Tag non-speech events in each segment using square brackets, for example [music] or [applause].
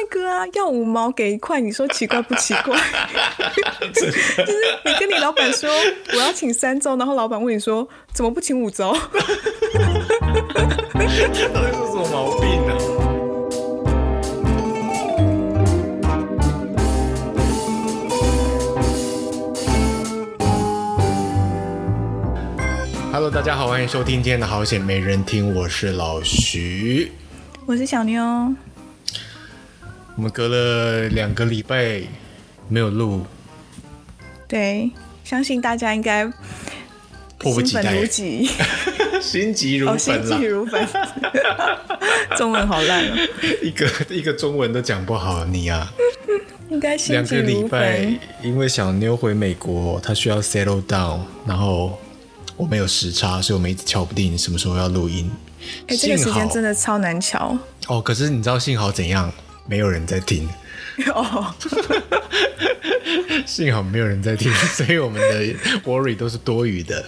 那哥啊，要五毛給一塊，你說奇怪不奇怪？ [laughs] 就是你跟你老闆說，我要請三周，然後老闆問你說怎麼不請五周？到底 [laughs] [laughs] [laughs] [laughs] 是什麼毛病呢、啊、？Hello，大家好，歡迎收聽今天的好險沒人聽，我是老徐，我是小妞。我們隔了兩個禮拜沒有錄，對，相信大家應該迫不及待，心急如焚，哦， [laughs] 心急如焚， [laughs] 中文好爛了、喔，一個一個中文都講不好，你啊，應該兩個禮拜，因為小妞回美國，她需要 settle down，然後我們有時差，所以我們一直敲不定什麼時候要錄音，欸、這段、個、時間真的超難敲，哦，可是你知道幸好怎樣？沒有人在聽，哦、oh. [laughs] 幸好沒有人在聽，所以我們的 worry 都是多餘的。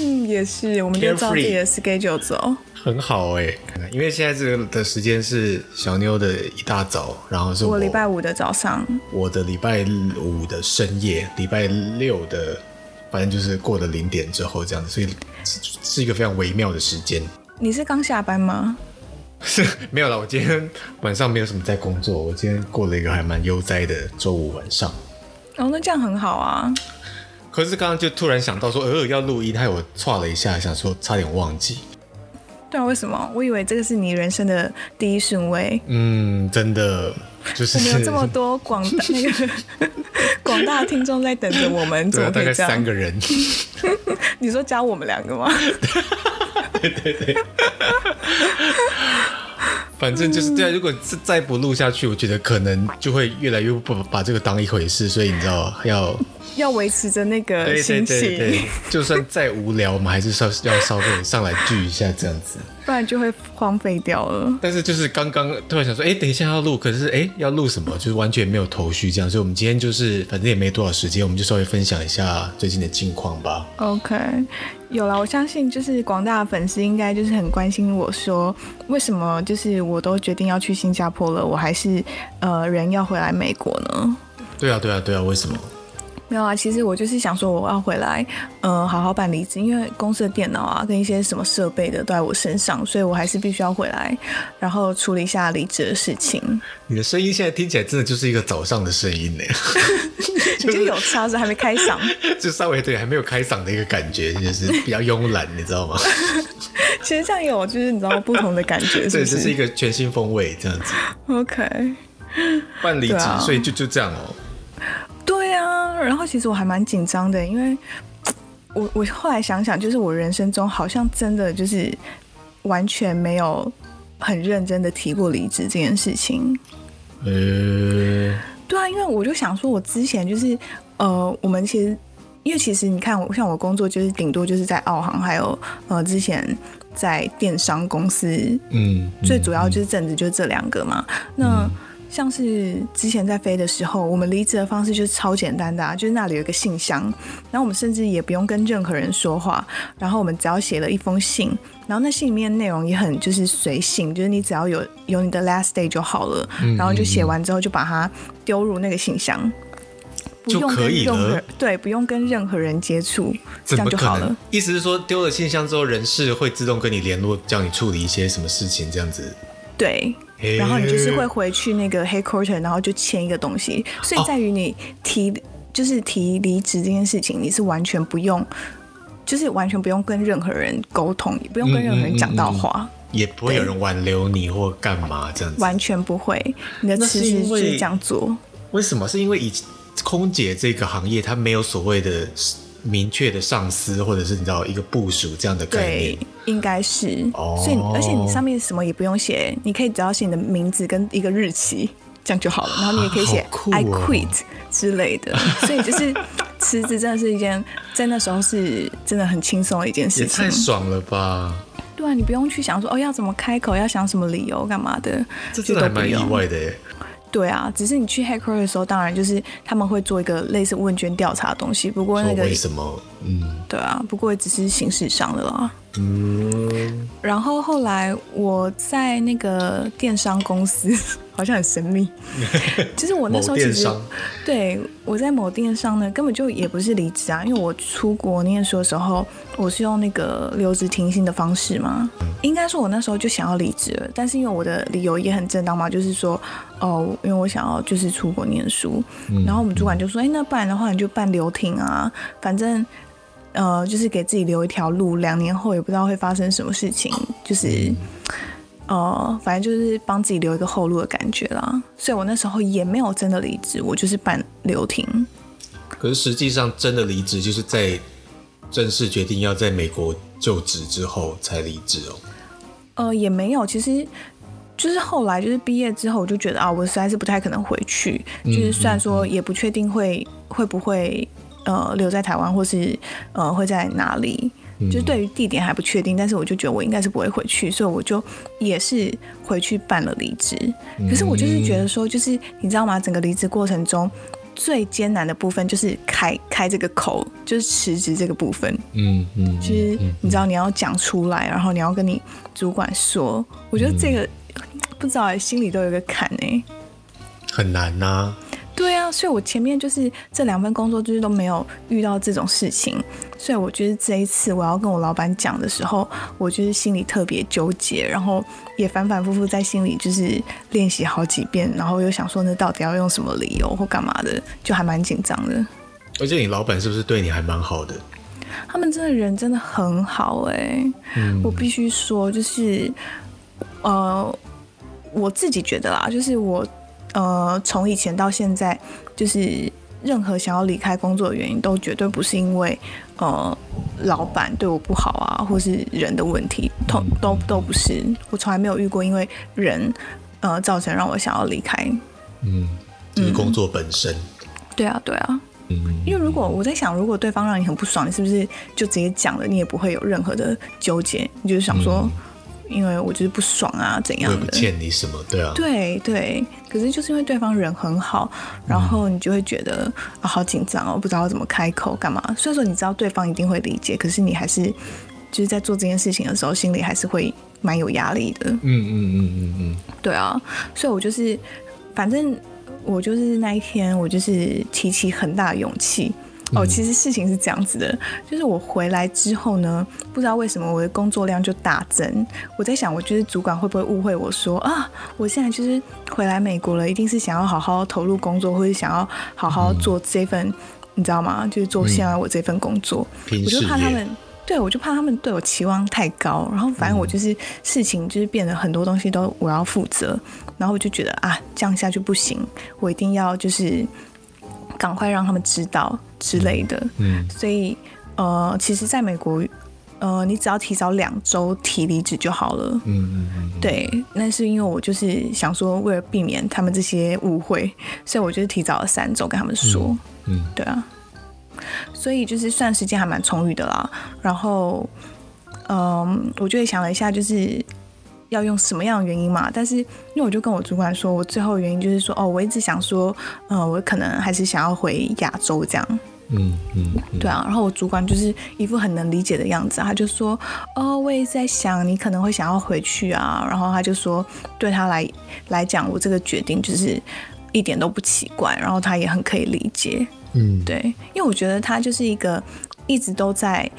嗯，也是，我們就照自己的 schedule 走，很好哎、欸。因為現在這個的時間是小妞的一大早，然後是我，我禮拜五的早上，我的禮拜五的深夜，禮拜六的，反正就是過了零點之後這樣子，所以是，是一個非常微妙的時間。你是剛下班嗎？是沒有了，我今天晚上沒有什麼在工作，我今天過了一個還蠻悠哉的週五晚上。哦，那這樣很好啊。可是剛剛就突然想到說，呃，要錄音，他有剉了一下，想說差點忘記。對啊，為什麼？我以為這個是你人生的第一順位。嗯，真的，就是我沒有這麼多廣 [laughs] 那個廣大聽眾在等着我們，怎麼可以這樣？對啊，大概三個人。 [laughs] 你說加我們兩個嗎？ [laughs] 對對對、對。 [laughs] 反正就是對、嗯，如果再不錄下去，我覺得可能就會越來越不把這個當一回事，所以你知道要。要維持着那個心情，就算再無聊我們 [laughs] 還是稍要稍微上來聚一下這樣子，不然就會荒廢掉了。但是就是剛剛突然想說，哎、欸，等一下要錄，可是哎、欸、要錄什麼？就是完全沒有頭緒這樣。所以我們今天就是反正也沒多少時間，我們就稍微分享一下最近的近況吧。OK，有了，我相信就是廣大的粉絲應該就是很關心我說為什麼就是我都決定要去新加坡了，我還是呃人要回來美國呢？對啊，對啊，對啊，為什麼？沒有啊，其實我就是想說，我要回來，嗯、呃，好好辦離職，因為公司的電腦啊，跟一些什麼設備的都在我身上，所以我還是必須要回來，然後處理一下離職的事情。你的聲音現在聽起來真的就是一個早上的聲音呢？ [laughs] 就，是、 [laughs] 你就有差事，但是還沒開嗓，就稍微對，還沒有開嗓的一個感覺，就是比較慵懶，你知道嗎？ [laughs] [laughs] 其實像有，就是你知道不同的感覺是不是？對，這是一個全新風味這樣子。OK，辦離職，啊、所以就就這樣哦。然後其實我還蠻緊張的，因為我我後來想想，就是我人生中好像真的就是完全沒有很認真的提過離職這件事情。欸、對啊，因為我就想說，我之前就是呃，我們其實因為其實你看我像我工作就是頂多就是在澳航，還有呃之前在電商公司，嗯，嗯最主要的就是正職，就是這兩個嘛。那、嗯像是之前在飛的時候，我們離職的方式就是超簡單的啊，就是那裡有一個信箱，然後我們甚至也不用跟任何人說話，然後我們只要寫了一封信，然後那信裡面內容也很就是隨性，就是你只要有有你的 last day 就好了，然後就寫完之後就把它丟入那個信箱，嗯嗯，就可以了。對，不用跟任何人接觸，這樣就好了。意思是說，丟了信箱之後，人事會自動跟你聯絡，叫你處理一些什麼事情，這樣子。對。然後你就是會回去那個 headquarters，然後就簽一個東西。所以在於你提、哦、就是提離職這件事情，你是完全不用，就是完全不用跟任何人溝通，也不用跟任何人講到話，嗯嗯嗯、也不會有人挽留你或幹嘛這樣子。完全不會，你的辭職是這樣做。為什麼？是因為以空姐這個行業，它沒有所謂的。明確的上司或者是你知道一個部署這樣的概念。對，應該是。Oh. 所以，而且你上面什麼也不用寫，你可以只要寫你的名字跟一個日期這樣就好了。然後你也可以寫 I quit 之類的。所以，就是辭職真的是一件 [laughs] 在那時候是真的很輕鬆的一件事情，也太爽了吧！對啊，你不用去想說哦要怎麼開口，要想什麼理由幹嘛的，這些都蠻意外的。對啊，只是你去 Hacker 的時候，當然就是他們會做一個類似問卷調查的東西。不過那個，為什麼嗯，對啊，不過也只是形式上的啦。嗯，然後後來我在那個電商公司，好像很神秘。就是我那時候其實 [laughs] 對，我在某電商呢，根本就也不是離職啊，因為我出國念書的時候，我是用那個留職停薪的方式嘛。應該說，我那時候就想要離職了，但是因為我的理由也很正當嘛，就是說，哦，因為我想要就是出國念書，嗯、然後我們主管就說，哎、嗯，那不然的話你就辦留停啊，反正。呃，就是給自己留一條路，兩年後也不知道會發生什麼事情，就是，嗯、呃，反正就是幫自己留一個後路的感覺啦。所以，我那時候也沒有真的離職，我就是辦留停。可是實際上，真的離職就是在正式決定要在美國就職之後才離職哦。呃，也沒有，其實就是後來就是畢業之後，我就覺得啊，我實在是不太可能回去，就是雖然說也不確定會嗯嗯嗯會不會。呃，留在台灣，或是呃，會在哪裡？嗯、就是對於地點還不確定，但是我就覺得我應該是不會回去，所以我就也是回去辦了離職，嗯嗯。可是我就是覺得說，就是你知道嗎？整個離職過程中最艱難的部分就是開開這個口，就是辭職這個部分。嗯嗯，嗯，嗯，嗯。其實、就是、你知道你要講出來，然後你要跟你主管說，我覺得這個、嗯、不知道、欸、心裡都有個坎哎，欸。很難吶，啊。對啊，所以我前面就是這兩份工作就是都沒有遇到這種事情，所以我覺得這一次我要跟我老闆講的時候，我就是心裡特別糾結，然後也反反复覆在心裡就是練習好幾遍，然後又想說那到底要用什麼理由或幹嘛的，就還蠻緊張的。而且你老闆是不是對你還蠻好的？他們真的人真的很好哎、欸。嗯，我必須說，就是呃，我自己覺得啦，就是我。呃，從以前到現在，就是任何想要離開工作的原因，都絕對不是因為呃，老板對我不好啊，或是人的問題，嗯、都都不是。我從來沒有遇過因為人，呃，造成讓我想要離開。嗯，就是工作本身、嗯。對啊，對啊。嗯。因為如果我在想，如果對方讓你很不爽，你是不是就直接講了？你也不會有任何的糾結，你就是想說。嗯因為我就是不爽啊，怎樣的？的見你什麼？對啊。對對，可是就是因為對方人很好，然後你就會覺得、嗯哦、好緊張哦，不知道我怎麼開口幹嘛。雖然說你知道對方一定會理解，可是你還是就是在做這件事情的時候，心裡還是會蠻有壓力的。嗯嗯嗯嗯嗯。對啊，所以我就是，反正我就是那一天，我就是提起、起很大勇氣。哦，其實事情是這樣子的，就是我回來之後呢，不知道為什麼我的工作量就大增。我在想，我就是主管會不會誤會我說啊，我現在就是回來美國了，一定是想要好好投入工作，或是想要好好做這份，嗯，你知道嗎？就是做現在我這份工作，嗯、我就怕他們，對我就怕他們對我期望太高。然後反正我就是事情就是變得很多東西都我要負責，嗯、然後我就覺得啊，這樣下去不行，我一定要就是趕快讓他們知道。之類的、嗯嗯，所以，呃，其實，在美國，呃，你只要提早兩周提離職就好了，嗯嗯，嗯對。那是因為我就是想說，為了避免他們這些誤會，所以我就是提早了三周跟他們說，嗯，嗯，對啊，所以就是算時間還蠻充裕的啦。然後，嗯、呃，我就想了一下，就是。要用什麼樣的原因嘛？但是因為我就跟我主管說，我最後原因就是說，哦，我一直想說，嗯、呃，我可能還是想要回亞洲這樣。嗯嗯，嗯，對啊。然後我主管就是一副很能理解的樣子，他就說，哦，我也在想你可能會想要回去啊。然後他就說，對他來來講，我這個決定就是一點都不奇怪。然後他也很可以理解。嗯，對，因為我覺得他就是一個一直都在。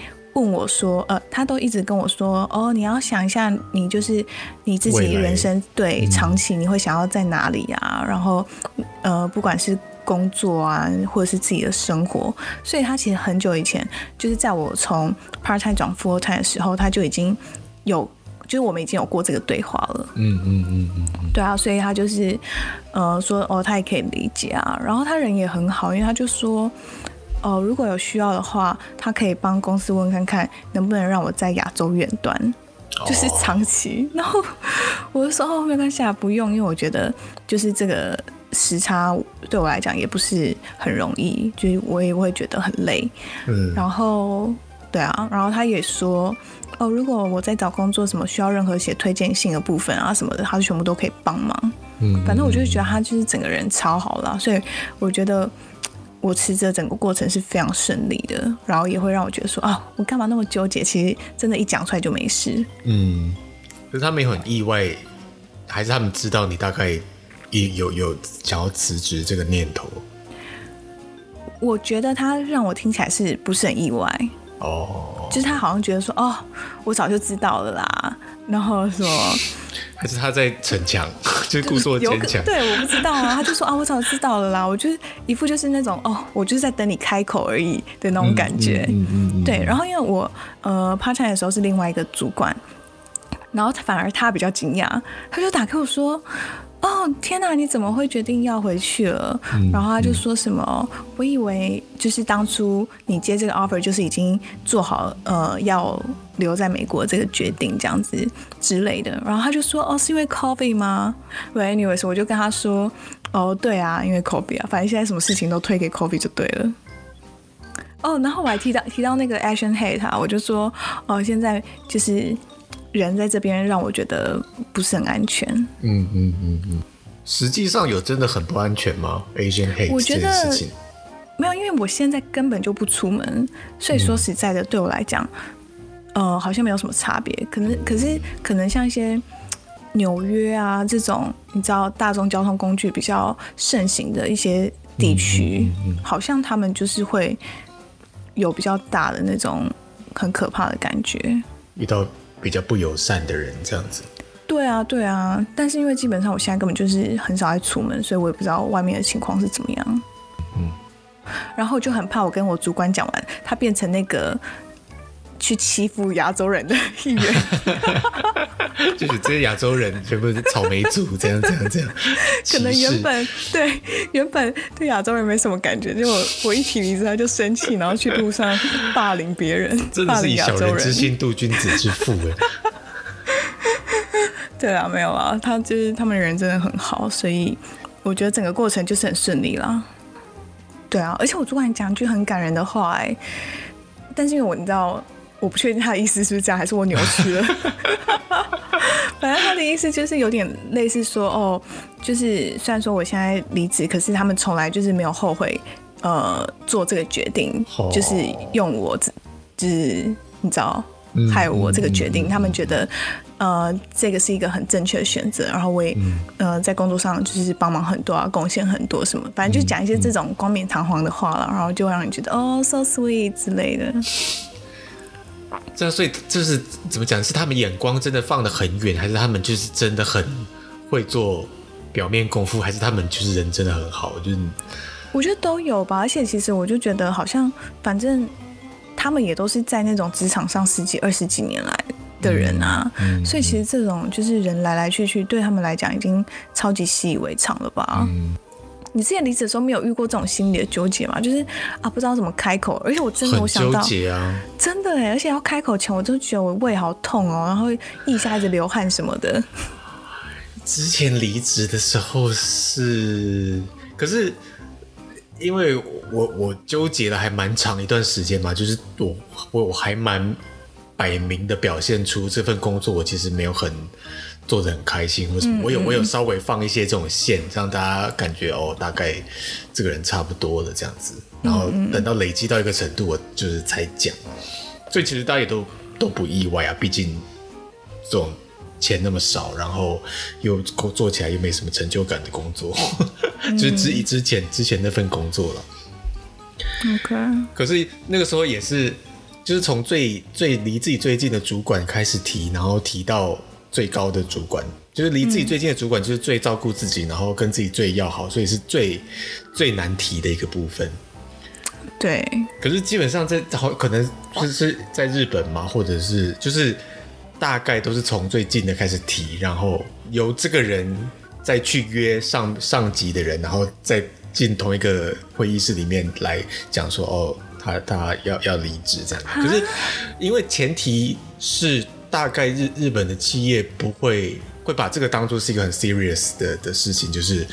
問我說：“呃，他都一直跟我說，哦，你要想一下，你就是你自己人生對長期你會想要在哪裡啊、嗯？然後，呃，不管是工作啊，或者是自己的生活，所以他其實很久以前，就是在我從 part time 轉 full time 的時候，他就已經有，就是我們已經有過這個對話了。嗯嗯嗯嗯。對啊，所以他就是，呃，說哦，他也可以理解啊。然後他人也很好，因為他就說。”哦，如果有需要的話，他可以幫公司問看看能不能讓我在亞洲遠端，oh. 就是長期。然後我就說，沒關係啊，不用，因為我覺得就是這個時差對我來講也不是很容易，就是我也會覺得很累。嗯、mm.。然後，對啊，然後他也說，哦，如果我在找工作什麼需要任何寫推薦信的部分啊什麼的，他就全部都可以幫忙。嗯、mm -hmm.。反正我就是覺得他就是整個人超好啦，所以我覺得。我辭職這個整個過程是非常順利的，然後也會讓我覺得說哦，我幹嘛那麼糾結？其實真的，一講出來就沒事。嗯，可是他們也很意外，還是他們知道你大概也有有,有想要辭職這個念頭？我覺得他讓我聽起來是不是很意外？哦、oh.，就是他好像覺得說哦，我早就知道了啦。然後說可還是他在逞強，就是故作堅強。就是、有對，我不知道啊。他就說啊，我早知道了啦。我就是一副就是那種哦，我就是在等你開口而已的那種感覺。嗯嗯嗯嗯、對，然後因為我呃，part time 的時候是另外一個主管，然後反而他比較驚訝，他就打給我說。哦天哪！你怎麼會決定要回去了、嗯？然後他就說，什麼，我以為就是當初你接這個 offer 就是已經做好呃，要留在美國這個決定這樣子之類的。然後他就說，哦，是因為 COVID 嗎？Anyway，我就跟他說，哦，對啊，因為 COVID 啊，反正現在什麼事情都推給 COVID 就對了。哦，然後我還提到提到那個 Asian hate，他，我就說，哦，現在就是。人在這邊讓我覺得不是很安全。嗯嗯嗯嗯，實際上有真的很不安全嗎？Asian hate 這件事情。沒有，因為我現在根本就不出門，所以說實在的，嗯、對我來講，呃，好像沒有什麼差別。可能可是可能像一些紐約啊這種你知道大眾交通工具比較盛行的一些地區，嗯嗯嗯嗯，好像他們就是會有比較大的那種很可怕的感覺。到比較不友善的人這樣子，對啊，對啊，但是因為基本上我現在根本就是很少在出門，所以我也不知道外面的情況是怎麼樣。嗯，然後就很怕我跟我主管講完，他變成那個。去欺負亞洲人的一員， [laughs] [laughs] 就是這些亞洲人全部是草莓族，這樣這樣這樣。可能原本對原本對亞洲人沒什麼感覺， [laughs] 結果我一提離職他就生氣，然後去路上霸凌別人， [laughs] 人，真的是以小人之心度 [laughs] 君子之腹 [laughs] 對啊，沒有啊，他就是他們人真的很好，所以我覺得整個過程就是很順利了。對啊，而且我昨晚講句很感人的話哎、欸，但是因為我你知道。我不確定他的意思是不是這樣還是我扭曲了。 [laughs] [laughs] 反正他的意思就是有點類似說，哦，就是雖然說我現在離職，可是他們從來就是沒有後悔，呃，做這個決定，oh. 就是用我就是你知道，害我這個決定，mm -hmm. 他們覺得，呃，這個是一個很正確的選擇，然後我也、mm -hmm. 呃，在工作上就是幫忙很多、啊，貢獻很多什麼，反正就講一些這種冠冕堂皇的話了，然後就會讓你覺得、mm -hmm. 哦，so sweet 之類的。這樣，所以就是怎麼講？是他們眼光真的放得很遠，還是他們就是真的很會做表面功夫，還是他們就是人真的很好？就是、我覺得都有吧。而且其實我就覺得，好像反正他們也都是在那種職場上十幾、二十幾年來的人啊、嗯嗯，所以其實這種就是人來來去去，對他們來講已經超級習以為常了吧。嗯你之前離職的時候沒有遇過這種心理的糾結嗎？就是啊，不知道怎麼開口，而且我真的沒想到，啊、真的哎，而且要開口前，我就覺得我胃好痛哦，然後下一下子流汗什麼的。之前離職的時候是，可是因為我我糾結了還蠻長一段時間嘛，就是我我我還蠻擺明的表現出這份工作，我其實沒有很。做得很開心，我有我有稍微放一些這種線，嗯嗯，讓大家感覺哦，大概這個人差不多了這樣子。然後等到累積到一個程度，我就是才講。所以其實大家也都都不意外啊，畢竟這種錢那麼少，然後又做起來又沒什麼成就感的工作， [laughs] 就是之以之前嗯嗯，之前那份工作了。OK，可是那個時候也是，就是從最最離自己最近的主管開始提，然後提到。最高的主管，就是離自己最近的主管，就是最照顧自己、嗯，然後跟自己最要好，所以是最最難提的一個部分。對。可是基本上在好可能就是，是在日本嘛，或者是就是大概都是從最近的開始提，然後由這個人再去約上上級的人，然後再進同一個會議室裡面來講說哦，他他要要離職這樣。可是因為前提是，大概日日本的企業不會會把這個當做是一個很 serious 的的事情，就是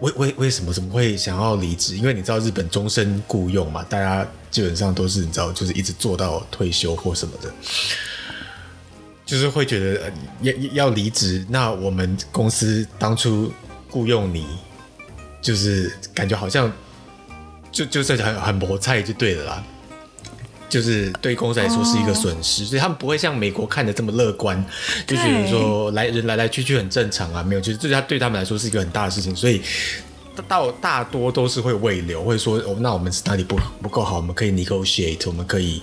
為為為什麼怎麼會想要離職？因為你知道日本終身雇傭嘛，大家基本上都是你知道，就是一直做到退休或什麼的，就是會覺得、呃、要要離職，那我們公司當初雇傭你，就是感覺好像就就是很很無彩就對了啦。就是對公司來說是一個損失，oh. 所以他們不會像美國看得這麼樂觀。就比如說來人來來去去很正常啊，沒有，就是這家對他們來說是一個很大的事情，所以到大多都是會慰留，會說哦，那我們哪裡不不夠好？我們可以 negotiate，我們可以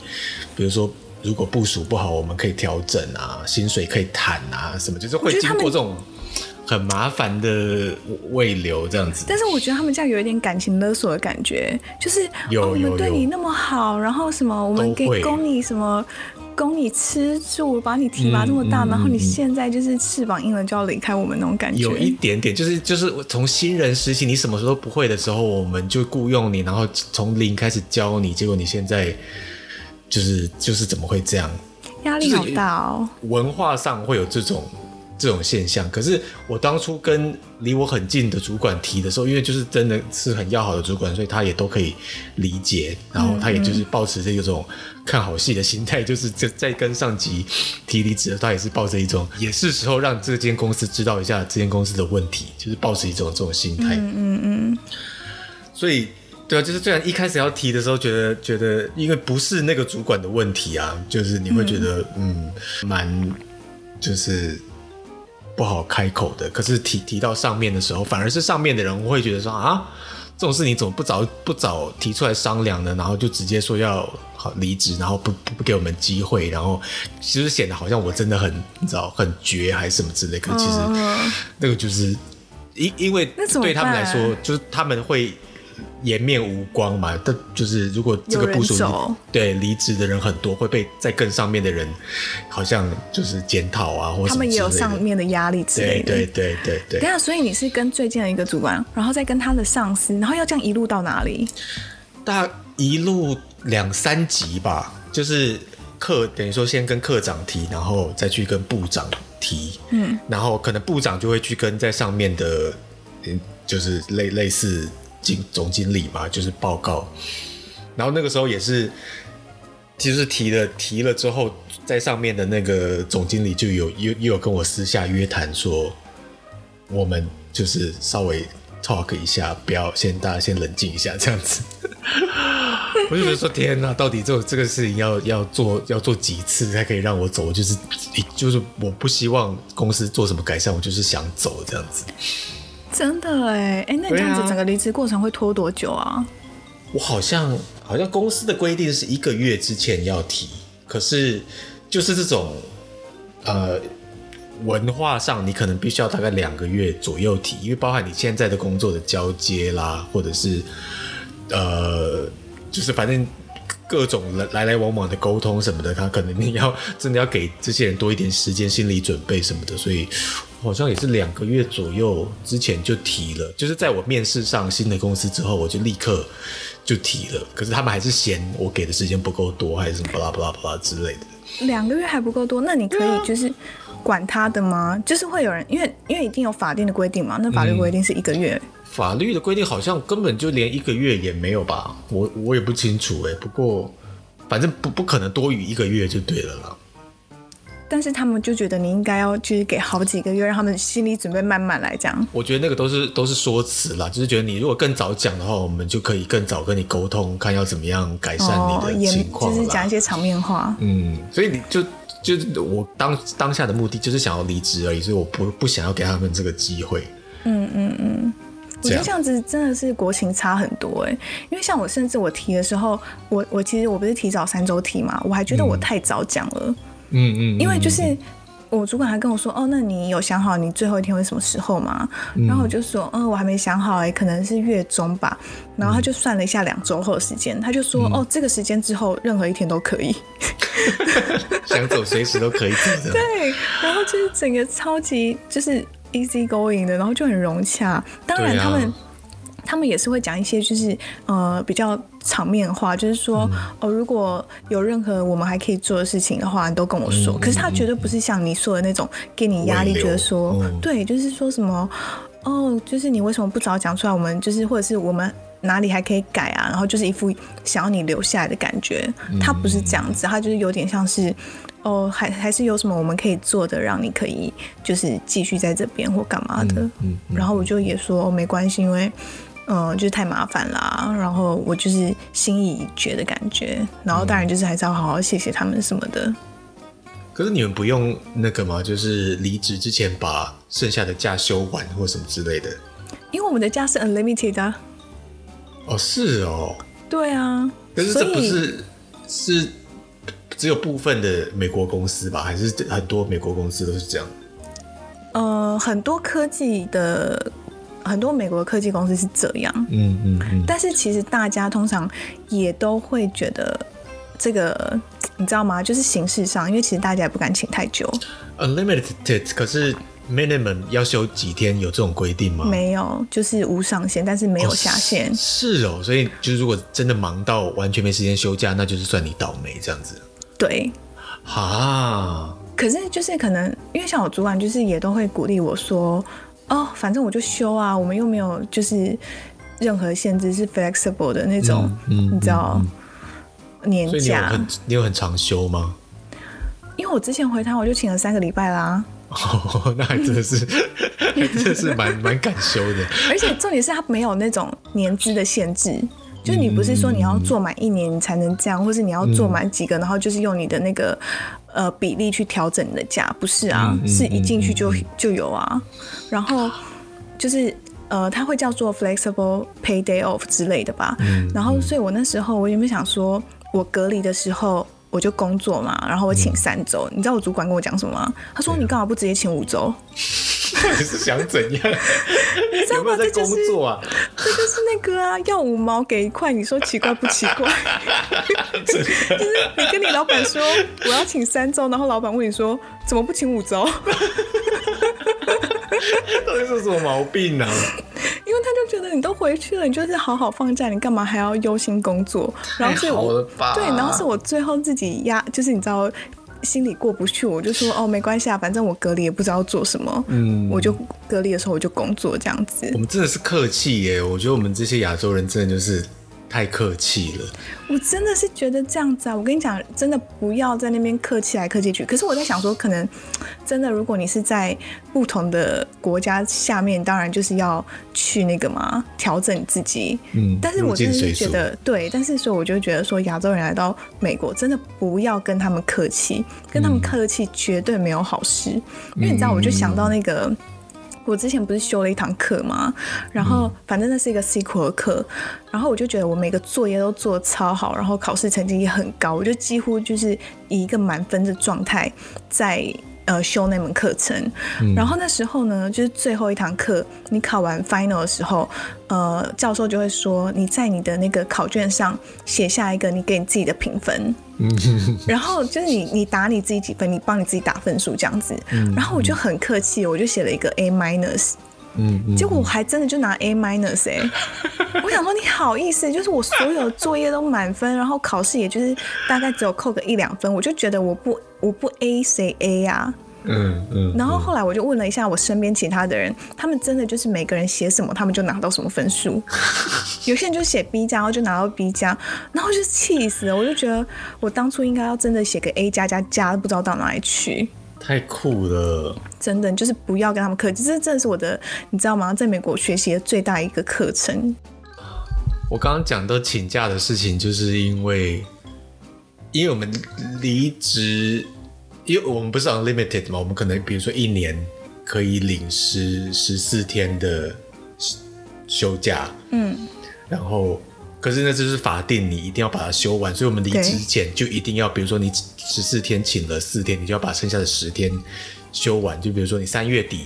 比如說如果部署不好，我們可以調整啊，薪水可以談啊，什麼就是會經過這種。很麻煩的慰留這樣子，但是我覺得他們這樣有一點感情勒索的感覺，就是我、哦、們對你那麼好，然後什麼我們給供你什麼，供你吃住，把你提拔這麼大，嗯、然後你現在就是翅膀硬了就要離開我們那種感覺，有一點點，就是就是從新人實習，你什麼時候都不會的時候，我們就僱傭你，然後從零開始教你，結果你現在就是就是怎麼會這樣，壓力好大哦，就是、文化上會有這種。這種現象，可是我當初跟離我很近的主管提的時候，因為就是真的是很要好的主管，所以他也都可以理解，然後他也就是抱持這種看好戲的心態，嗯、就是在在跟上級提離職，他也是抱着一種也是時候讓這間公司知道一下這間公司的問題，就是抱持一種這種心態。嗯嗯，嗯。所以對啊，就是雖然一開始要提的時候，覺得覺得因為不是那個主管的問題啊，就是你會覺得嗯，嗯，蠻就是。不好開口的，可是提提到上面的時候，反而是上面的人會覺得說啊，這種事你怎麼不早不早提出來商量呢？然後就直接說要好離職，然後不不給我們機會，然後其實顯得好像我真的很你知道很絕還是什麼之類。可是其實那個就是因因為對他們來說，就是他們會。顏面無光嘛？但就是如果這個部署離職對離職的人很多，會被在更上面的人，好像就是檢討啊或，或者他們也有上面的壓力之類的。對對對對。等一下，所以你是跟最近的一個主管，然後再跟他的上司，然後要這樣一路到哪裡？大一路兩三級吧，就是課等於說先跟課長提，然後再去跟部長提，嗯，然後可能部長就會去跟在上面的，嗯，就是類類似。經總經理嘛，就是報告，然後那個時候也是，其實提了提了之後，在上面的那個總經理就有又又有跟我私下約談說，我們就是稍微 talk 一下，不要先大家先冷靜一下這樣子， [laughs] 我就覺得說天哪，到底這這個事情要要做要做幾次才可以讓我走？就是就是我不希望公司做什麼改善，我就是想走這樣子。真的哎、欸、哎、欸，那你這樣子整個離職過程會拖多久啊？啊我好像好像公司的規定是一個月之前要提，可是就是這種，呃，文化上你可能必須要大概兩個月左右提，因為包含你現在的工作的交接啦，或者是呃，就是反正各種來來來往往的溝通什麼的，他可能你要真的要給這些人多一點時間心理準備什麼的，所以。好像也是兩個月左右之前就提了，就是在我面試上新的公司之後，我就立刻就提了。可是他們還是嫌我給的時間不夠多，還是什麼巴拉巴拉巴拉之類的。兩個月還不夠多？那你可以就是管他的嗎？啊、就是會有人因為因為一定有法定的規定嘛？那法律規定是一個月。嗯、法律的規定好像根本就連一個月也沒有吧？我我也不清楚哎、欸。不過反正不不可能多於一個月就對了啦。但是他們就覺得你應該要去給好幾個月，讓他們心裡準備慢慢來講。我覺得那個都是都是說辭啦，就是覺得你如果更早講的話，我們就可以更早跟你溝通，看要怎麼樣改善你的情況。哦，就是講一些場面話。嗯，所以你就就我當當下的目的就是想要離職而已，所以我不不想要給他們這個機會。嗯嗯嗯，我覺得這樣子真的是國情差很多哎，因為像我甚至我提的時候，我我其實我不是提早三周提嘛，我還覺得我太早講了。嗯嗯嗯，因為就是我主管還跟我說，哦，那你有想好你最後一天會什麼時候嗎？嗯、然後我就說，嗯、哦，我還沒想好、欸，哎，可能是月中吧。然後他就算了一下兩周後的時間、嗯，他就說，哦，這個時間之後任何一天都可以，嗯、 [laughs] 想走隨時都可以 [laughs] 對，然後就是整個超級就是 easy going 的，然後就很融洽。當然他們。他們也是會講一些，就是呃，比較場面話，就是說哦，如果有任何我們還可以做的事情的話，你都跟我說。可是他絕對不是像你說的那種給你壓力，覺得說對，就是說什麼哦，就是你為什麼不早講出來？我們就是或者是我們哪裡還可以改啊？然後就是一副想要你留下來的感覺。他不是這樣子，他就是有點像是哦，還還是有什麼我們可以做的，讓你可以就是繼續在這邊或幹嘛的。然後我就也說哦沒關係，因為。嗯，就是太麻煩啦，啊。然後我就是心意已決的感覺。然後當然就是還是要好好謝謝他們什麼的，嗯。可是你們不用那個嗎？就是離職之前把剩下的假休完或什麼之類的。因為我們的假是 unlimited 啊。哦，是哦。對啊。可是這不是是只有部分的美國公司吧？還是很多美國公司都是這樣？呃，很多科技的。很多美國的科技公司是這樣，嗯嗯，嗯。但是其實大家通常也都會覺得這個，你知道嗎？就是形式上，因為其實大家也不敢請太久。Unlimited，可是 minimum 要休幾天？有這種規定嗎？沒有，就是無上限，但是沒有下限。哦，是，是哦，所以就是如果真的忙到完全沒時間休假，那就是算你倒霉這樣子。對。哈、啊，可是就是可能，因為像我主管，就是也都會鼓勵我說。哦，反正我就休啊，我們又沒有就是任何限制，是 flexible 的那種，嗯嗯嗯、你知道？年假你有很常休嗎？因為我之前回台我就請了三個禮拜啦。哦，那還真的是，這、嗯、是蠻蠻 [laughs] 敢休的。而且重點是他沒有那種年資的限制，嗯、就是你不是說你要做滿一年你才能這樣，或是你要做滿幾個、嗯，然後就是用你的那個。呃，比例去調整的價不是啊，嗯、是一進去就，嗯，就，就有啊，然後就是呃，他會叫做 flexible pay day off 之類的吧，嗯、然後，所以我那時候我原本想說，我隔離的時候。我就工作嘛，然後我請三周、嗯，你知道我主管跟我講什麼嗎？他說：“你幹嘛不直接請五周？你 [laughs] 是想怎樣？有沒有在工作啊？這,就是、 [laughs] 這就是那個啊，要五毛給一塊，你說奇怪不奇怪？ [laughs] 就是你跟你老板說我要請三周，然後老板問你說怎麼不請五周？ [laughs] [laughs] 到底是有什麼毛病呢、啊？”你都回去了，你就是好好放假，你幹嘛還要憂心工作？然後是我吧，對，然後是我最後自己壓，就是你知道，心裡過不去，我就說哦，沒關係啊，反正我隔離也不知道做什麼，嗯，我就隔離的時候我就工作這樣子。我們真的是客氣耶，我覺得我們這些亞洲人真的就是。太客氣了，我真的是覺得這樣子啊，我跟你講，真的不要在那邊客氣來客氣去。可是我在想說，可能真的如果你是在不同的國家下面，當然就是要去那個嘛，調整自己。嗯，但是我真的是覺得對，但是所以我就覺得說，亞洲人來到美國，真的不要跟他們客氣，跟他們客氣絕對沒有好事。嗯，因為你知道，我就想到那個。嗯我之前不是修了一堂課嗎？然後、嗯、反正那是一個 C++ 課，然後我就覺得我每個作業都做得超好，然後考試成績也很高，我就幾乎就是以一個滿分的狀態在。呃，修那門課程、嗯，然後那時候呢，就是最後一堂課，你考完 final 的時候，呃，教授就會說，你在你的那個考卷上寫下一個你給你自己的評分，嗯、然後就是你你打你自己幾分，你幫你自己打分數這樣子，然後我就很客氣，我就寫了一個 A minus，結果我還真的就拿 A minus 哎、欸，我想說你好意思，就是我所有作業都滿分，然後考試也就是大概只有扣個一兩分，我就覺得我不。我不 A 誰 A 呀、啊，嗯嗯。然後後來我就問了一下我身邊其他的人、嗯嗯，他們真的就是每個人寫什麼，他們就拿到什麼分數。 [laughs] 有些人就寫 B 加，然後就拿到 B 加，然後就氣死了。 [laughs] 我就覺得我當初應該要真的寫個 A 加加加，不知道到哪裡去。太酷了，真的就是不要跟他們客氣，這、就是、真的是我的，你知道嗎？在美國學習的最大一個課程。我剛剛講到請假的事情，就是因為。因為我們離職，因為我們不是 unlimited 嘛，我們可能比如說一年可以領十十四天的休假，嗯，然後可是那就是法定，你一定要把它休完。所以我們離職前就一定要，Okay. 比如說你十四天請了四天，你就要把剩下的十天休完。就比如說你三月底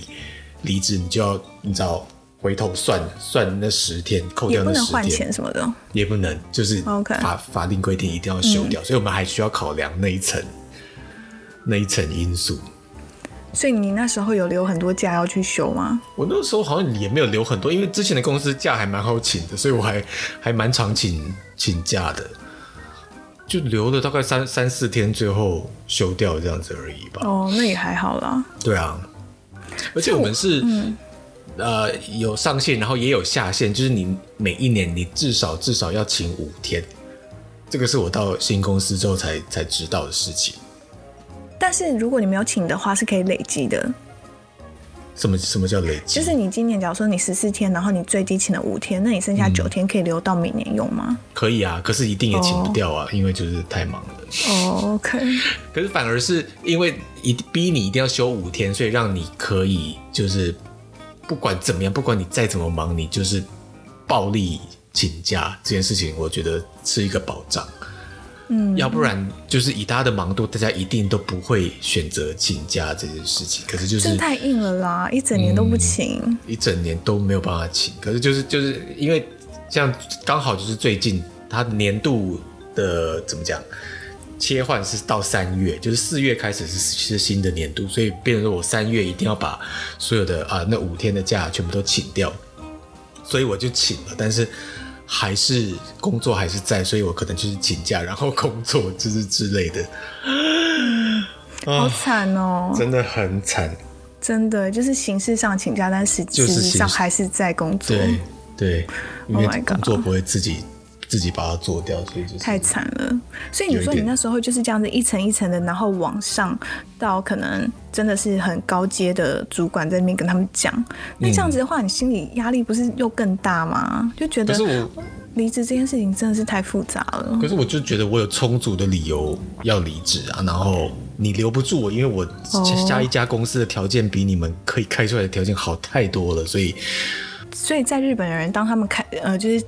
離職，你就要你知道。回頭算算那十天，扣掉那十天換錢什麼的也不能，就是法、Okay. 法定規定一定要休掉、嗯，所以我們還需要考量那一層那一層因素。所以你那時候有留很多假要去休嗎？我那時候好像也沒有留很多，因為之前的公司假還蠻好請的，所以我還還蠻常請請假的，就留了大概三三四天，最後休掉這樣子而已吧。哦，那也還好啦。對啊，而且我們是。呃，有上限，然後也有下限，就是你每一年你至少至少要請五天，這個是我到新公司之後才才知道的事情。但是如果你沒有請的話，是可以累積的。什麼什麼叫累積？就是你今年假如說你十四天，然後你最低請了五天，那你剩下九天可以留到明年用嗎？嗯，可以啊，可是一定也請不掉啊，oh. 因為就是太忙了。Oh, OK，可是反而是因為一逼你一定要休五天，所以讓你可以就是。不管怎麼樣，不管你再怎麼忙，你就是暴力請假這件事情，我覺得是一個保障。嗯，要不然就是以他的忙度，大家一定都不會選擇請假這件事情。可是就是太硬了啦，一整年都不請，嗯，一整年都沒有辦法請。可是就是就是因為像剛好就是最近，他年度的怎麼講？切換是到三月，就是四月開始是是新的年度，所以變成說我三月一定要把所有的啊那五天的假全部都請掉，所以我就請了，但是還是工作還是在，所以我可能就是請假，然後工作就是之類的，啊、好慘哦、喔，真的很慘，真的就是形式上請假，但是實際上還是在工作，對對，因為工作不會自己。自己把它做掉，所以就是太慘了。所以你說你那時候就是這樣子一層一層的，然後往上到可能真的是很高階的主管在那邊跟他們講。嗯。那這樣子的話，你心理壓力不是又更大嗎？就覺得離職這件事情真的是太複雜了。可是我，可是我就覺得我有充足的理由要離職啊。然後你留不住我，因為我下一家公司的條件比你們可以開出來的條件好太多了。所以，所以在日本的人當他們開呃就是。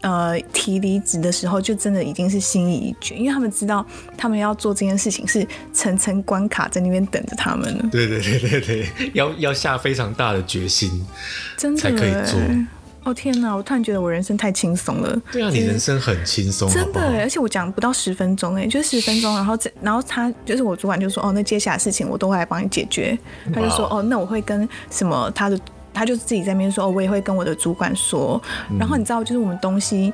呃，提離職的時候，就真的已經是心意已決，因為他們知道他們要做這件事情是層層關卡在那邊等着他們呢。對對對對對，要要下非常大的決心，真的才可以做，欸。哦天哪，我突然覺得我人生太輕鬆了。對啊，你人生很輕鬆，真的，欸。而且我講不到十分鐘，哎，就是十分鐘，然後這然後他就是我主管就說，哦，那接下來事情我都會來幫你解決。他就說，wow. 哦，那我會跟什麼他的。他就是自己在那邊說，我也會跟我的主管說。然後你知道，就是我們東西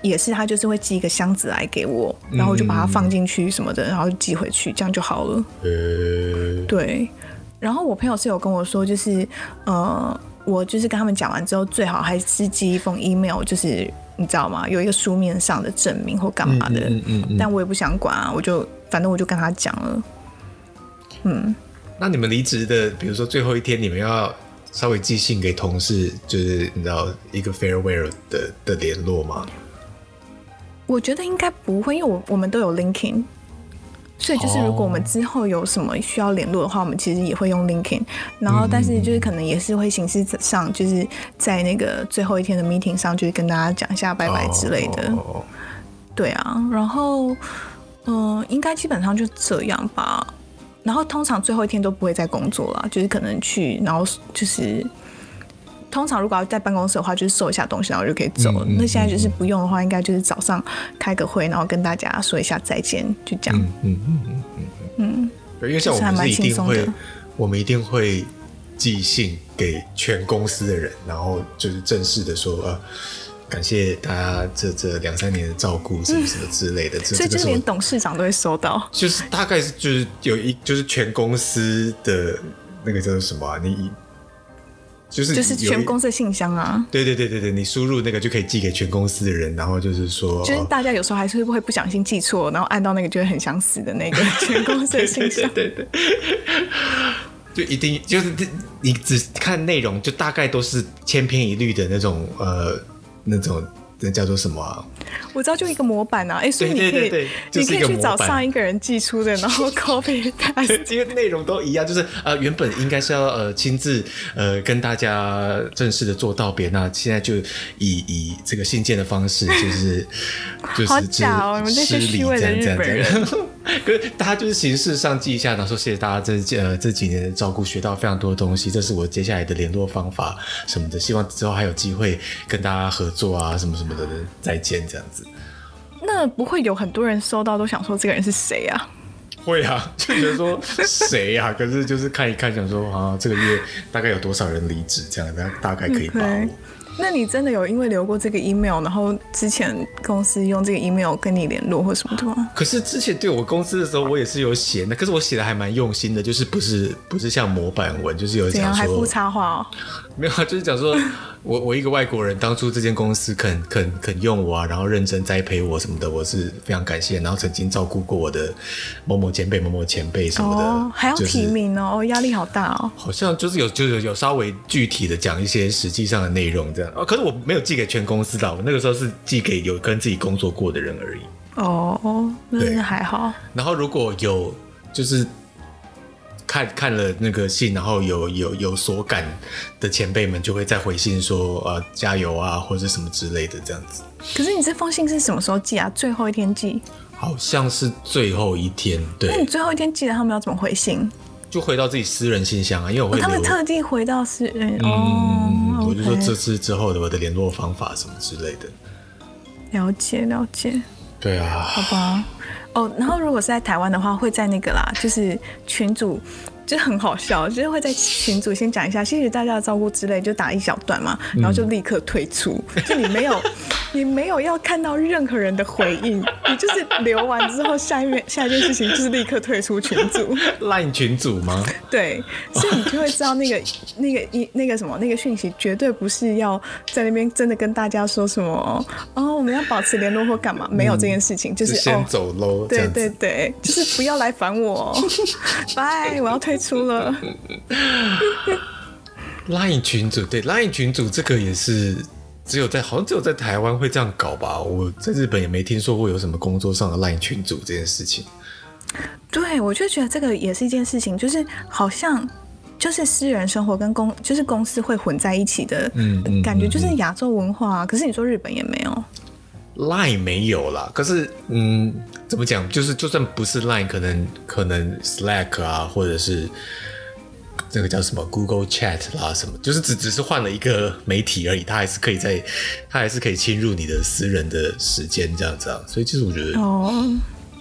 也是，他就是會寄一個箱子來給我，然後我就把它放進去什麼的，然後寄回去，這樣就好了。對。然後我朋友是有跟我說，就是呃，我就是跟他們講完之後，最好還是寄一封 email，就是你知道嗎？有一個書面上的證明或幹嘛的。嗯，嗯，嗯，嗯，嗯。但我也不想管啊，我就反正我就跟他講了。嗯。那你們離職的，比如說最後一天，你們要。稍微寄信給同事，就是你知道一個 farewell 的的聯絡嗎？我覺得應該不會，因為我我們都有 LinkedIn，所以就是如果我們之後有什麼需要聯絡的話，oh. 我們其實也會用 LinkedIn，然後，但是就是可能也是會形式上就是在那個最後一天的 meeting 上，就是跟大家講一下拜拜之類的。Oh. 對啊，然後嗯、呃，應該基本上就這樣吧。然後通常最後一天都不會再工作了，就是可能去，然後就是通常如果要在辦公室的話，就是收一下東西，然後就可以走了、嗯。那現在就是不用的話，嗯、應該就是早上開個會、嗯，然後跟大家說一下再見，就這樣。嗯嗯嗯嗯嗯。嗯，因為像我還蠻輕鬆的。因為像我們一定會，我們一定會寄信給全公司的人，然後就是正式的說啊。感謝大家這這兩三年的照顧，什麼什麼之類的、嗯。所以就連董事長都會收到，就是大概是就是有一就是全公司的那個叫做什麼啊？你就是就是全公司的信箱啊？對對對對對，你輸入那個就可以寄給全公司的人，然後就是說，就是大家有時候還是會不小心寄錯，然後按到那個就會很想死的那個 [laughs] 全公司的信箱。 [laughs] 對，對，對對，就一定就是你只看內容，就大概都是千篇一律的那種呃。那種那叫做什麼、啊？我知道，就一個模板啊！哎、欸，所以你可以對對對對，就是，你可以去找上一個人寄出的，然後 copy 它，因為內容都一樣。就是、呃、原本應該是要呃親自呃跟大家正式的做道別，那現在就以以這個信件的方式，就是 [laughs] 就是、好假哦，你們那些虛偽的日本人。 [laughs] 可是，大家就是形式上記一下，然後說謝謝大家這呃這幾年的照顧，學到非常多的東西。這是我接下來的聯絡方法什麼的，希望之後還有機會跟大家合作啊，什麼什麼的，再見這樣子。那不會有很多人收到都想說這個人是誰啊？會啊，就覺得說誰呀、啊？ [laughs] 可是就是看一看，想說啊，這個月大概有多少人離職這樣，大家大概可以幫我。Okay. 那你真的有因為留過這個 email，然後之前公司用這個 email 跟你聯絡或什麼的嗎？可是之前對我公司的時候，我也是有寫的，可是我寫的還蠻用心的，就是不是不是像模板文，就是有講說，樣還不插畫哦，沒有啊，就是講說。 [laughs] 我我一個外國人，當初這間公司肯肯肯用我啊，然後認真栽培我什麼的，我是非常感謝。然後曾經照顧過我的某某前輩、某某前輩什麼的，哦，還要提名哦，壓、就是哦、力好大哦就是、哦、壓力好大哦。好像就是有就是有，有稍微具體的講一些實際上的內容這樣啊、哦，可是我沒有寄給全公司的，我那個時候是寄給有跟自己工作過的人而已。哦哦，那還好。然後如果有就是。看看了那個信，然後有有有所感的前輩們就會再回信說呃，加油啊，或者什麼之類的這樣子。可是你這封信是什麼時候寄啊？最後一天寄？好像是最後一天。對。那你最後一天寄了，他們要怎麼回信？就回到自己私人信箱啊，因為我會留、哦、他們特地回到私人、嗯、哦。我就說這次之後的我的聯絡方法什麼之類的。了解，了解。對啊。好吧。哦，然後如果是在台灣的話，會在那個啦，就是群組。就很好笑，就是會在群組先講一下謝謝大家的照顧之類，就打一小段嘛，然後就立刻退出。嗯，就你沒有， [laughs] 你沒有要看到任何人的回應， [laughs] 你就是留完之後，下面下一件事情就是立刻退出群組。 [laughs] LINE 群組嗎？對，所以你就會知道那個 [laughs] 那個一那個什麼那個訊息，絕對不是要在那邊真的跟大家說什麼哦，我們要保持聯絡或幹嘛？沒有這件事情，嗯、就是就先走嘍、哦。對對對，就是不要來煩我，拜， [laughs] [laughs] 我要退。出 [laughs] 了 [laughs] Line 群組，對 Line 群組這個也是只有在好像只有在台灣會這樣搞吧？我在日本也沒聽說過有什麼工作上的 Line 群組這件事情。對，我就覺得這個也是一件事情，就是好像就是私人生活跟公就是公司會混在一起的感覺，嗯嗯嗯嗯就是亞洲文化啊。可是你說日本也沒有。Line 沒有了，可是嗯，怎麼講？就是就算不是 Line，可能可能 Slack 啊，或者是那個叫什麼 Google Chat 啦，什麼，就是只只是換了一個媒體而已，它還是可以在，它還是可以侵入你的私人的時間這樣子啊。所以其實我覺得。Oh.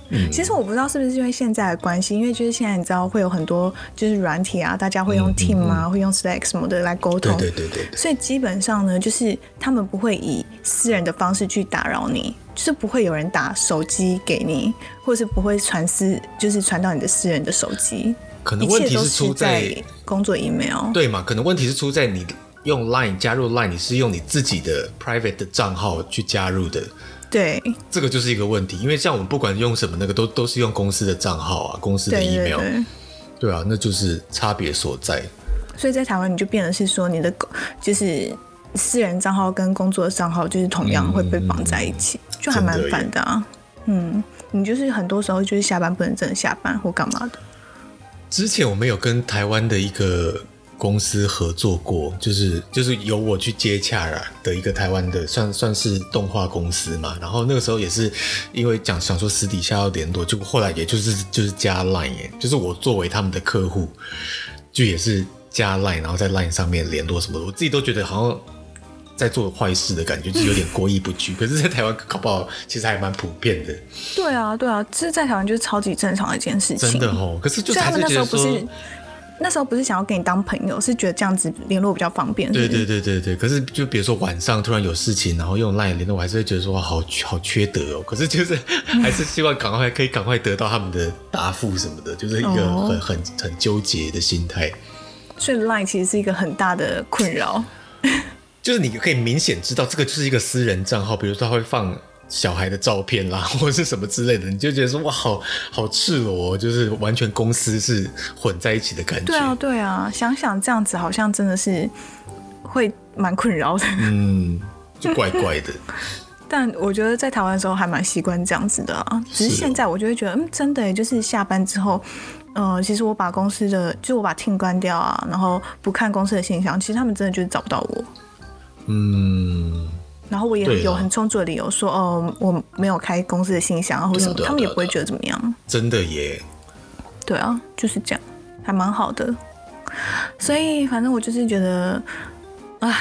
嗯，其實我不知道是不是因為現在的關係，因為就是現在你知道會有很多就是軟體啊，大家會用 Team 啊，嗯嗯嗯、會用 Slack 什麼的來溝通，對對對，對，對，對，所以基本上呢，就是他們不會以私人的方式去打擾你，就是不會有人打手機給你，或是不會傳私，就是傳到你的私人的手機。可能問題是出在，是在工作 email。對嘛？可能問題是出在你用 Line 加入 Line，你是用你自己的 private 的賬號去加入的。對，這個就是一個問題，因為像我們不管用什麼那個，都都是用公司的賬號啊，公司的 email，對，對，對，對啊，那就是差別所在。所以在台灣你就變得是說，你的就是私人賬號跟工作的賬號就是同樣會被綁在一起，嗯、就還蠻煩的啊的。嗯，你就是很多時候就是下班不能真的下班或幹嘛的。之前我們有跟台灣的一個。公司合作過，就是就是由我去接洽的，一個台灣的算算是動畫公司嘛。然後那個時候也是因為講想說私底下要聯絡，就後來也就是就是加 LINE，、欸、就是我作為他們的客戶，就也是加 LINE，然後在 LINE 上面聯絡什麼的。我自己都覺得好像在做壞事的感覺，就、嗯、有點過意不去。可是，在台灣搞不好其實還蠻普遍的。對啊，對啊，這在台灣就是超級正常的一件事情。真的哦，可是就是他們那時候不是。那時候不是想要跟你當朋友，是覺得這樣子聯絡比較方便。對對對對對。可是就比如說晚上突然有事情，然後用 LINE 聯絡，我還是會覺得說，哇，好好缺德哦。可是就是還是希望趕快可以趕快得到他們的答覆什麼的， [laughs] 就是一個很很很糾結的心態。所以 LINE 其實是一個很大的困擾。 [laughs] 就是你可以明顯知道這個就是一個私人賬號，比如說他會放。小孩的照片啦，或是什麼之類的，你就覺得說，哇，好好赤裸，哦，就是完全公司是混在一起的感覺。對啊，對啊，想想這樣子好像真的是會蠻困擾的。嗯，就怪怪的。 [laughs] 但我覺得在台灣的時候還蠻習慣這樣子的啊，只是現在我就會覺得，哦，嗯，真的，欸，就是下班之後，嗯，呃，其實我把公司的，就是，我把 team 關掉啊，然後不看公司的信箱，其實他們真的就是找不到我。嗯。然後我也很有很充足的理由說、啊，哦，我沒有開公司的信箱啊，或者什麼的的的的，他們也不會覺得怎麼樣。真的耶，對啊，就是這樣，還蠻好的。所以反正我就是覺得，哎，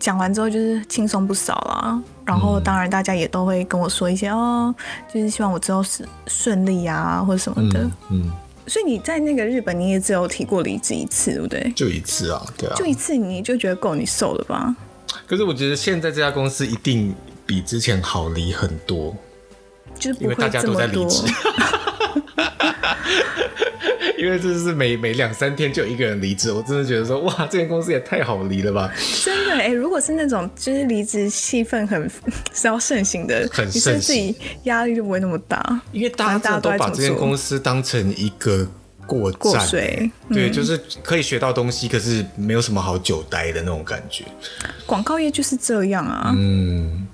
講完之後就是輕鬆不少了。然後當然大家也都會跟我說一些，嗯、哦，就是希望我之後是順利啊，或者什麼的，嗯。嗯。所以你在那個日本，你也只有提過離職一次，對不對？就一次啊，對啊，就一次，你就覺得夠你受了吧？可是我覺得現在這家公司一定比之前好離很多，就是不會這麼多，因為大家都在離職， [laughs] [laughs] 因為這是每每兩三天就一個人離職，我真的覺得說哇，這間公司也太好離了吧！真的哎、欸，如果是那種就是離職氣氛很是要盛行的，很盛行是是自己壓力就不會那麼大，因為大家大家，大家都把這間公司當成一個。過過水、嗯，對，就是可以學到東西，可是沒有什麼好久待的那種感覺。廣告業就是這樣啊，嗯，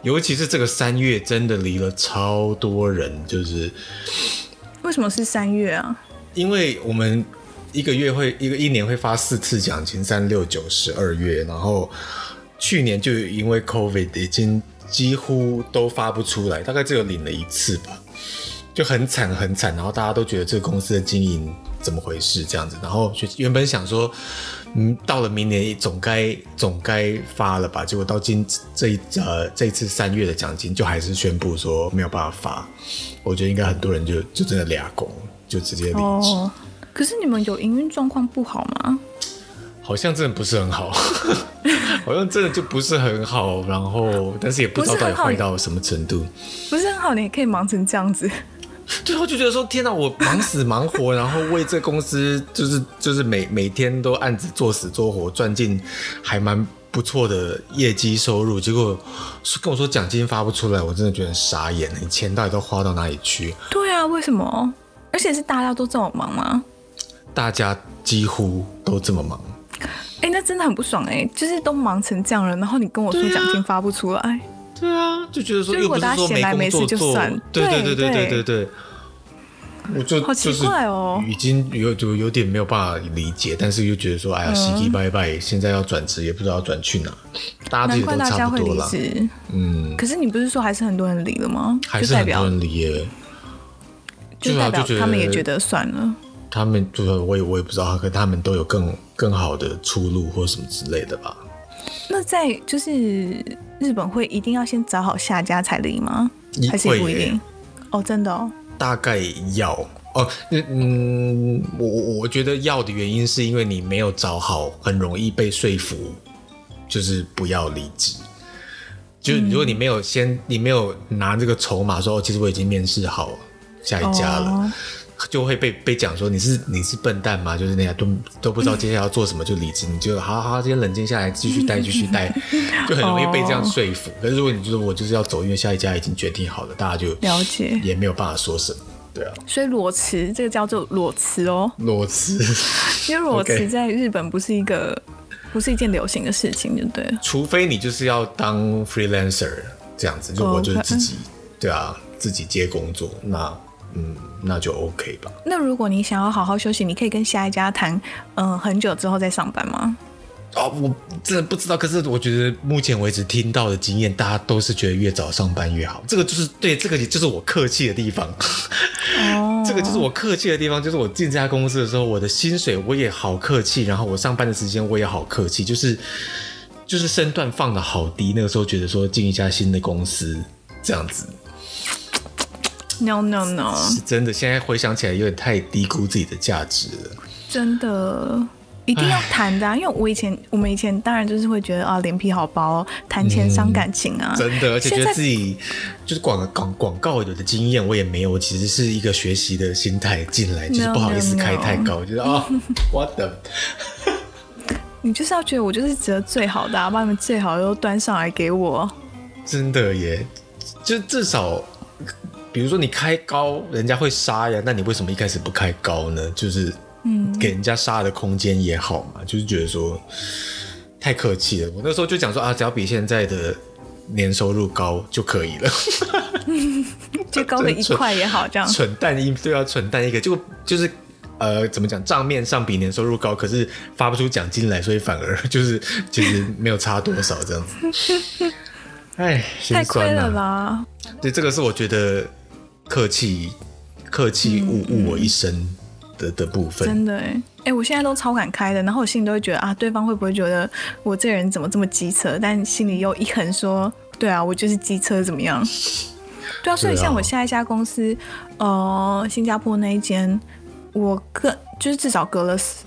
尤其是這個三月真的離了超多人，就是，為什麼是三月啊？因為我們一個月會一個一年會發四次獎金，三六九十二月，然後去年就因為 COVID 已經幾乎都發不出來，大概只有領了一次吧。就很慘很慘，然後大家都覺得這個公司的經營怎麼回事這樣子，然後就原本想說，嗯，到了明年總該總該發了吧，結果到今這一呃這一次三月的獎金就還是宣布說沒有辦法發，我覺得應該很多人就就真的倆工，就直接離職。哦，可是你們有營運狀況不好嗎？好像真的不是很好， [laughs] [laughs] 好像真的就不是很好，然後但是也不知道到底壞到什麼程度，不是很好，你，好，你也可以忙成這樣子。最後就覺得說，天吶，我忙死忙活， [laughs] 然後為這公司就是就是每每天都案子做死做活，賺進還蠻不錯的業績收入，結果跟我說獎金發不出來，我真的覺得傻眼了。你錢到底都花到哪裡去？對啊，為什麼？而且是大家都這麼忙嗎？大家幾乎都這麼忙。哎、欸，那真的很不爽哎、欸！就是都忙成這樣了，然後你跟我說獎金發不出來。對啊，就覺得說如又不是說沒工作做，閒來沒事就算，對對對對對對對，對對對對，我覺得好奇怪哦，就是、已經有就有點沒有辦法理解，但是又覺得說，嗯、哎呀，洗洗拜拜，現在要轉職也不知道要轉去哪，大家自己都差不多了，難怪大家會離職，嗯。可是你不是說還是很多人離了嗎？還是很多人離耶、欸，就代表他們也覺得算了，他們就要我也我也不知道，可能他們都有更更好的出路或什麼之類的吧。那在就是日本會一定要先找好下家才離嗎？還是會不一定會、欸？哦，真的哦，大概要哦，嗯，我我覺得要的原因是因為你沒有找好，很容易被說服，就是不要離職。就如果你沒有先，嗯、你沒有拿這個籌碼說、哦，其實我已經面試好下一家了。哦就會被被講說，你是你是笨蛋嗎？就是那樣都都不知道接下來要做什麼就離職、嗯，你就好好，好先冷靜下來，繼續待繼續待、嗯，就很容易被這樣說服、哦。可是如果你就是我就是要走，因為下一家已經決定好了，大家就了解也沒有辦法說什麼，對啊。所以裸辭這個叫做裸辭哦，裸辭， [laughs] 因為裸辭在日本不是一個 [laughs] 不是一件流行的事情，對不對？除非你就是要當 freelancer 這樣子，就我就是自己、哦 okay、對啊，自己接工作那嗯，那就 OK 吧。那如果你想要好好休息，你可以跟下一家談，嗯、呃，很久之後再上班嗎？哦，我真的不知道。可是我覺得目前為止聽到的經驗，大家都是覺得越早上班越好。這個就是對這個，就是我客氣的地方。 [laughs] 哦，這個就是我客氣的地方，就是我進這家公司的時候，我的薪水我也好客氣，然後我上班的時間我也好客氣，就是就是身段放得好低。那個時候覺得說進一家新的公司這樣子。No no no！是，是真的。現在回想起來，有點太低估自己的價值了。真的，一定要談的、啊，因為我以前，我們以前當然就是會覺得啊，臉、哦、皮好薄、哦，談錢傷感情啊、嗯。真的，而且覺得自己就是廣廣廣告有的經驗我也沒有，我其實是一個學習的心態進來，No, no, no. 就是不好意思開太高，就是啊，我、哦、 [laughs] What e the... [laughs] 你就是要覺得我就是值得最好的、啊，把你們最好的都端上來給我。真的耶，就至少。比如說你開高，人家會殺呀，那你為什麼一開始不開高呢？就是給人家殺的空間也好嘛，嗯，就是覺得說太客氣了。我那時候就講說啊，只要比現在的年收入高就可以了， [laughs] 最高的一塊也好，這樣。的蠢，蠢蛋一就要蠢蛋一個，就就是呃，怎麼講？賬面上比年收入高，可是發不出獎金來，所以反而就是其實沒有差多少這樣子。哎， [laughs] 啊，太虧了啦。對，這個是我覺得。客氣，客氣誤誤我一生的的部分。真的哎、欸欸，我現在都超敢開的，然後我心裡都會覺得啊，對方會不會覺得我這人怎麼這麼機車？但心裡又一橫說，對啊，我就是機車，怎麼樣？對啊，所以像我下一家公司，啊、呃，新加坡那一間，我隔就是至少隔了四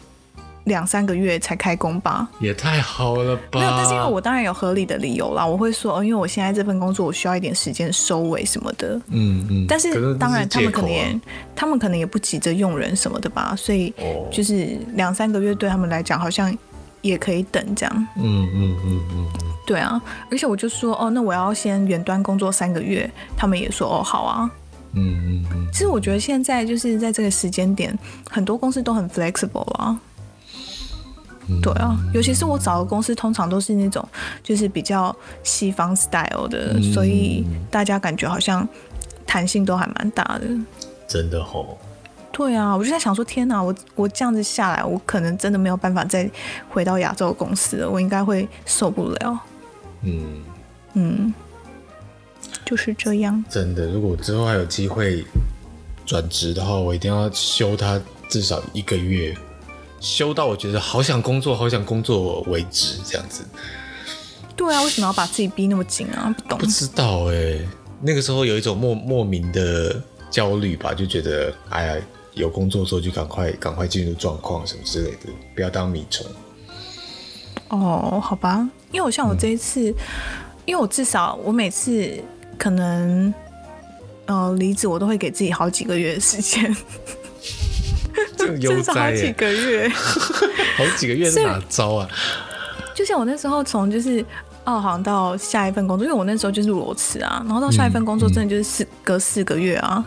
兩三個月才開工吧，也太好了吧？沒有，但是因為我當然有合理的理由啦，我會說哦，因為我現在這份工作我需要一點時間收尾什麼的。嗯嗯。但是當然他們可能也可是是、啊、他們可能也不急着用人什麼的吧，所以就是兩三個月對他們來講好像也可以等這樣。嗯嗯嗯嗯。對啊，而且我就說哦，那我要先遠端工作三個月，他們也說哦好啊。嗯嗯嗯。其實我覺得現在就是在這個時間點，很多公司都很 flexible 啊。對啊、嗯，尤其是我找的公司，通常都是那種就是比較西方 style 的，嗯、所以大家感覺好像彈性都還蠻大的。真的好、哦、對啊，我就在想說，天哪、啊，我我這樣子下來，我可能真的沒有辦法再回到亞洲公司了，我應該會受不了。嗯嗯，就是這樣。真的，如果之後還有機會轉職的話，我一定要休他至少一個月。修到我覺得好想工作，好想工作為止，這樣子。對啊，為什麼要把自己逼那麼緊啊？不懂。不知道哎、欸，那個時候有一種莫莫名的焦慮吧，就覺得哎呀，有工作做就趕快趕快進入狀況什麼之類的，不要當米蟲。哦，好吧，因為我像我這一次，嗯、因為我至少我每次可能，呃，離職我都會給自己好幾個月的時間。真的好幾個月， [laughs] 好幾個月是哪招啊？就像我那時候從就是澳航，到下一份工作，因為我那時候就是裸辭啊，然後到下一份工作真的就是四、嗯嗯、隔四個月啊，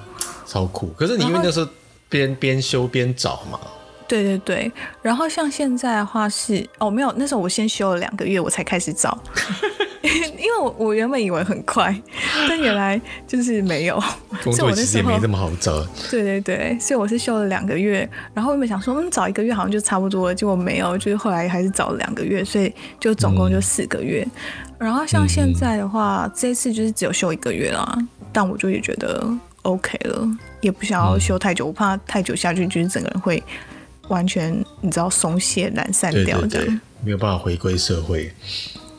超苦。可是你因為那時候邊邊休邊找嘛，對對對。然後像現在的話是哦、喔、沒有，那時候我先休了兩個月我才開始找。 [laughs] [laughs] 因為我我原本以為很快，但原來就是沒有。工作的 [laughs] 時候也沒那麼好找。對對對，所以我是休了兩個月，然後我原本想說嗯，找一個月好像就差不多了，結果沒有，就是後來還是找了兩個月，所以就總共就四個月。嗯、然後像現在的話，嗯、這次就是只有休一個月啦，但我就也覺得 OK 了，也不想要休太久，我怕太久下去就是整個人會完全你知道鬆懈懶散，對對對，掉的，沒有辦法回歸社會。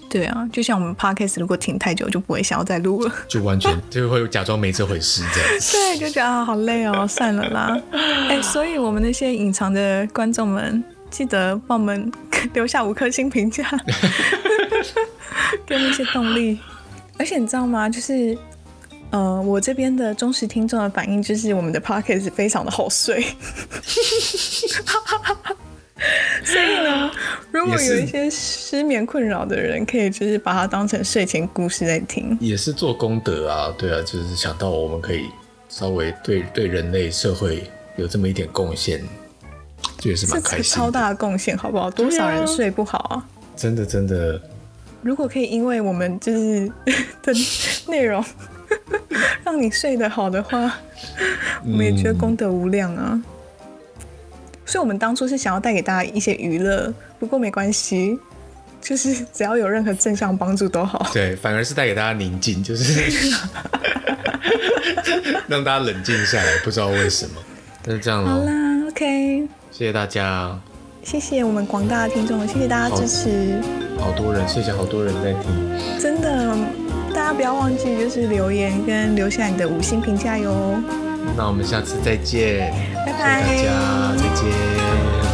對啊，就像我們 podcast 如果停太久，就不會想要再錄了，就完全就會假裝沒這回事這樣。 [laughs] 對，就覺得啊，好累哦，算了啦，哎、 [laughs] 欸，所以我們那些隱藏的觀眾們，記得幫我們留下五顆星評價， [laughs] [laughs] 給那些動力。而且你知道嗎？就是，呃，我這邊的忠實聽眾的反應就是，我們的 podcast 非常的好睡。 [laughs] [laughs] [laughs] 所以呢，如果有一些失眠困擾的人，可以就是把它當成睡前故事來聽，也是做功德啊。對啊，就是想到我們可以稍微對對人類社會有這麼一點貢獻，這也是蠻開心。超大的貢獻，好不好？多少人睡不好啊？啊真的真的。如果可以，因為我們就是的內容 [laughs] 讓你睡得好的話，嗯，我們也覺得功德無量啊。所以，我們當初是想要帶給大家一些娛樂，不過沒關係，就是只要有任何正向幫助都好。對，反而是帶給大家寧靜，就是 [laughs] [laughs] 讓大家冷靜下來。不知道為什麼，但是這樣嘍。好啦，OK，謝謝大家，謝謝我們廣大的聽眾，謝謝大家支持好，好多人，謝謝好多人在聽，真的，大家不要忘記，就是留言跟留下你的五星評價喲。那我們下次再見，拜拜，祝大家再見。